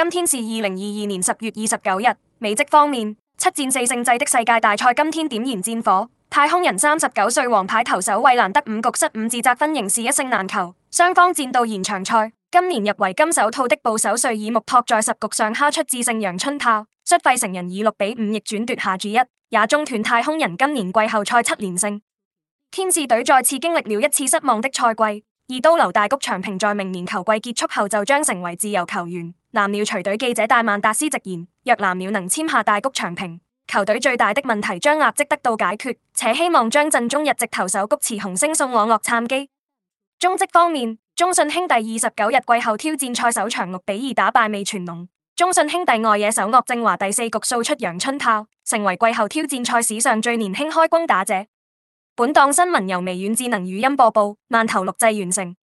今天是二零二二年十月二十九日。美職方面，七戰四勝制的世界大賽今天點燃戰火。太空人三十九歲王牌投手韋蘭德五局失五自責分，仍是一勝難求。雙方戰到延長賽。今年入圍金手套的捕手瑞爾穆托在十局上敲出致勝陽春炮，率費城人以六比五逆轉奪下主一，也中斷太空人今年季後賽七連勝。天使隊再次經歷了一次失望的賽季，二刀流大谷長平在明年球季結束後就將成為自由球員。南鳥隨隊記者戴曼達斯直言：若南鳥能簽下大谷翔平，球隊最大的問題將立即得到解決，且希望將陣中日籍投手菊池雄星送往洛杉磯。中職方面，中信兄弟二十九日季後挑戰賽首場六比二打敗味全龍，中信兄弟外野手岳政華第四局掃出陽春炮，成為季後挑戰賽史上最年輕開轟打者。本檔新聞由微軟智能語音播報，慢頭錄製完成。